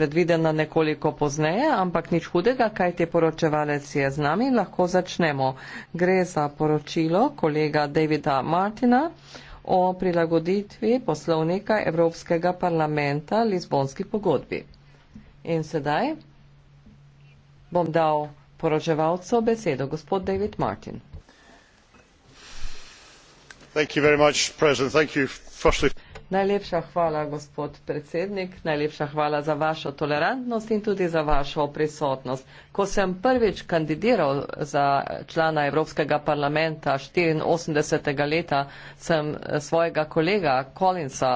predvidena nekoliko pozneje, ampak nič hudega, kaj te poročevalec je z nami, lahko začnemo. Gre za poročilo kolega Davida Martina o prilagoditvi poslovnika Evropskega parlamenta Lizbonski pogodbi. In sedaj bom dal poročevalcu besedo, gospod David Martin. Thank you very much, President. Thank you, firstly. Najlepša hvala, gospod predsednik, najlepša hvala za vašo tolerantnost in tudi za vašo prisotnost. Ko sem prvič kandidiral za člana Evropskega parlamenta 84. leta, sem svojega kolega Collinsa